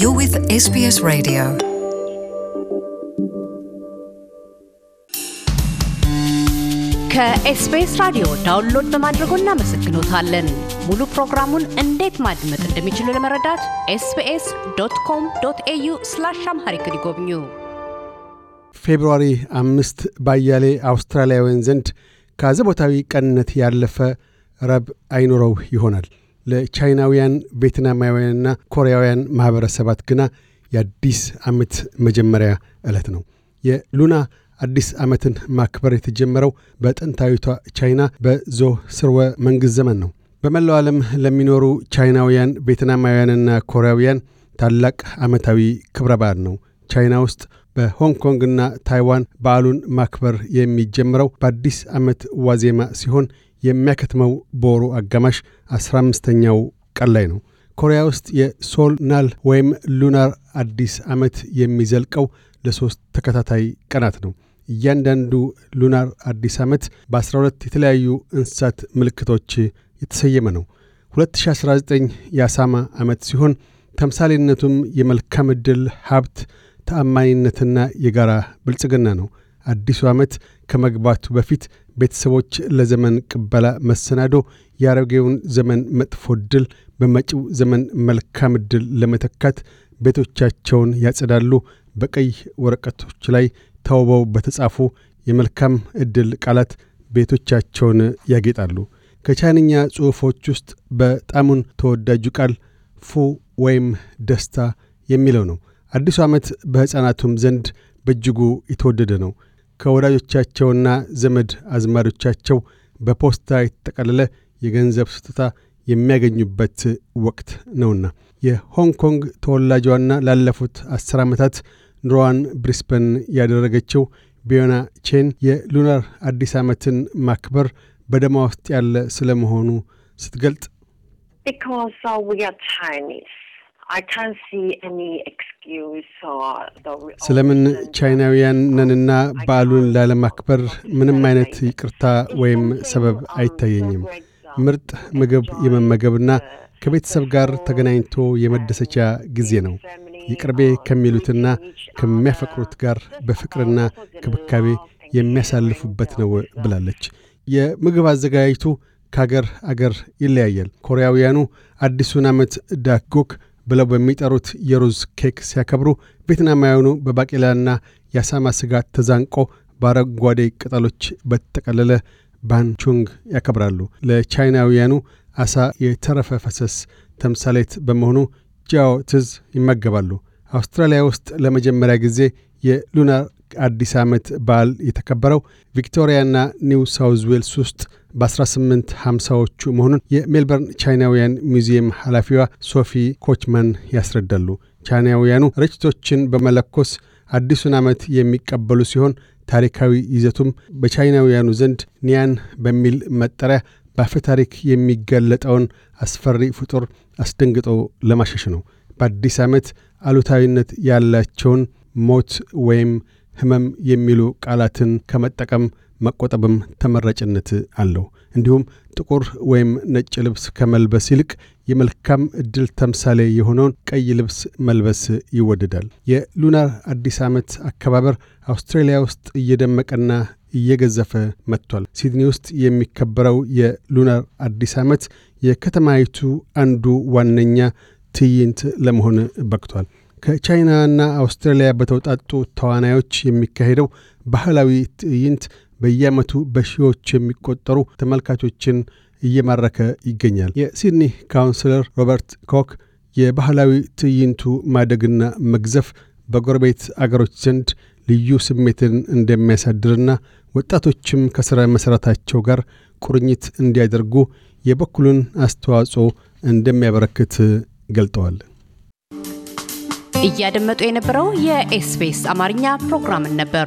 You're with SBS Radio. ከኤስቢኤስ ራዲዮ ዳውንሎድ በማድረጎ እናመሰግኖታለን። ሙሉ ፕሮግራሙን እንዴት ማድመጥ እንደሚችሉ ለመረዳት ኤስቢኤስ ዶት ኮም ዶት ኤዩ ስላሽ አምሃሪክ ይጎብኙ። ፌብርዋሪ አምስት ባያሌ አውስትራሊያውያን ዘንድ ከዘቦታዊ ቀንነት ያለፈ ረብ አይኖረው ይሆናል። ለቻይናውያን፣ ቬትናማውያንና ኮሪያውያን ማኅበረሰባት ግና የአዲስ ዓመት መጀመሪያ ዕለት ነው። የሉና አዲስ ዓመትን ማክበር የተጀመረው በጥንታዊቷ ቻይና በዞ ስርወ መንግሥት ዘመን ነው። በመላው ዓለም ለሚኖሩ ቻይናውያን፣ ቬትናማውያንና ኮሪያውያን ታላቅ ዓመታዊ ክብረ በዓል ነው። ቻይና ውስጥ በሆንግ ኮንግና ታይዋን በዓሉን ማክበር የሚጀምረው በአዲስ ዓመት ዋዜማ ሲሆን የሚያከትመው በወሩ አጋማሽ 15ኛው ቀን ላይ ነው። ኮሪያ ውስጥ የሶል ናል ወይም ሉናር አዲስ ዓመት የሚዘልቀው ለሦስት ተከታታይ ቀናት ነው። እያንዳንዱ ሉናር አዲስ ዓመት በ12 የተለያዩ እንስሳት ምልክቶች የተሰየመ ነው። 2019 የአሳማ ዓመት ሲሆን ተምሳሌነቱም የመልካም ዕድል፣ ሀብት፣ ተአማኒነትና የጋራ ብልጽግና ነው። አዲሱ ዓመት ከመግባቱ በፊት ቤተሰቦች ለዘመን ቅበላ መሰናዶ የአሮጌውን ዘመን መጥፎ ድል በመጪው ዘመን መልካም ድል ለመተካት ቤቶቻቸውን ያጸዳሉ። በቀይ ወረቀቶች ላይ ተውበው በተጻፉ የመልካም ዕድል ቃላት ቤቶቻቸውን ያጌጣሉ። ከቻይንኛ ጽሑፎች ውስጥ በጣሙን ተወዳጁ ቃል ፉ ወይም ደስታ የሚለው ነው። አዲሱ ዓመት በሕፃናቱም ዘንድ በእጅጉ የተወደደ ነው። ከወዳጆቻቸውና ዘመድ አዝማዶቻቸው በፖስታ የተጠቀለለ የገንዘብ ስጦታ የሚያገኙበት ወቅት ነውና። የሆንግ ኮንግ ተወላጇና ላለፉት አስር ዓመታት ኑሮዋን ብሪስበን ያደረገችው ቢዮና ቼን የሉናር አዲስ ዓመትን ማክበር በደማ ውስጥ ያለ ስለመሆኑ ስትገልጥ uh, ስለምን ቻይናውያን ነንና በዓሉን ላለማክበር ምንም አይነት ይቅርታ ወይም ሰበብ አይታየኝም። ምርጥ ምግብ የመመገብና ከቤተሰብ ጋር ተገናኝቶ የመደሰቻ ጊዜ ነው። ይቅርቤ uh, ከሚሉትና ከሚያፈቅሩት ጋር በፍቅርና ክብካቤ የሚያሳልፉበት ነው ብላለች። የምግብ አዘጋጅቱ ከአገር አገር ይለያያል። ኮሪያውያኑ አዲሱን ዓመት ዳጎክ ብለው በሚጠሩት የሩዝ ኬክ ሲያከብሩ ቬትናማውያኑ በባቄላና የአሳማ ስጋት ተዛንቆ በአረንጓዴ ቅጠሎች በተጠቀለለ ባንቹንግ ያከብራሉ። ለቻይናውያኑ አሳ የተረፈ ፈሰስ ተምሳሌት በመሆኑ ጃዎ ትዝ ይመገባሉ። አውስትራሊያ ውስጥ ለመጀመሪያ ጊዜ የሉናር አዲስ ዓመት በዓል የተከበረው ቪክቶሪያና ኒው ሳውዝ ዌልስ ውስጥ በ1850ዎቹ መሆኑን የሜልበርን ቻይናውያን ሚዚየም ኃላፊዋ ሶፊ ኮችማን ያስረዳሉ። ቻይናውያኑ ርችቶችን በመለኮስ አዲሱን ዓመት የሚቀበሉ ሲሆን ታሪካዊ ይዘቱም በቻይናውያኑ ዘንድ ኒያን በሚል መጠሪያ በአፈ ታሪክ የሚገለጠውን አስፈሪ ፍጡር አስደንግጦ ለማሸሽ ነው። በአዲስ ዓመት አሉታዊነት ያላቸውን ሞት ወይም ሕመም የሚሉ ቃላትን ከመጠቀም መቆጠብም ተመራጭነት አለው። እንዲሁም ጥቁር ወይም ነጭ ልብስ ከመልበስ ይልቅ የመልካም ዕድል ተምሳሌ የሆነውን ቀይ ልብስ መልበስ ይወደዳል። የሉናር አዲስ ዓመት አከባበር አውስትራሊያ ውስጥ እየደመቀና እየገዘፈ መጥቷል። ሲድኒ ውስጥ የሚከበረው የሉናር አዲስ ዓመት የከተማይቱ አንዱ ዋነኛ ትዕይንት ለመሆን በቅቷል። ከቻይናና አውስትራሊያ በተውጣጡ ተዋናዮች የሚካሄደው ባህላዊ ትዕይንት በየዓመቱ በሺዎች የሚቆጠሩ ተመልካቾችን እየማረከ ይገኛል። የሲድኒ ካውንስለር ሮበርት ኮክ የባህላዊ ትዕይንቱ ማደግና መግዘፍ በጎረቤት አገሮች ዘንድ ልዩ ስሜትን እንደሚያሳድርና ወጣቶችም ከሥረ መሠረታቸው ጋር ቁርኝት እንዲያደርጉ የበኩሉን አስተዋጽኦ እንደሚያበረክት ገልጠዋል። እያደመጡ የነበረው የኤስቢኤስ አማርኛ ፕሮግራምን ነበር።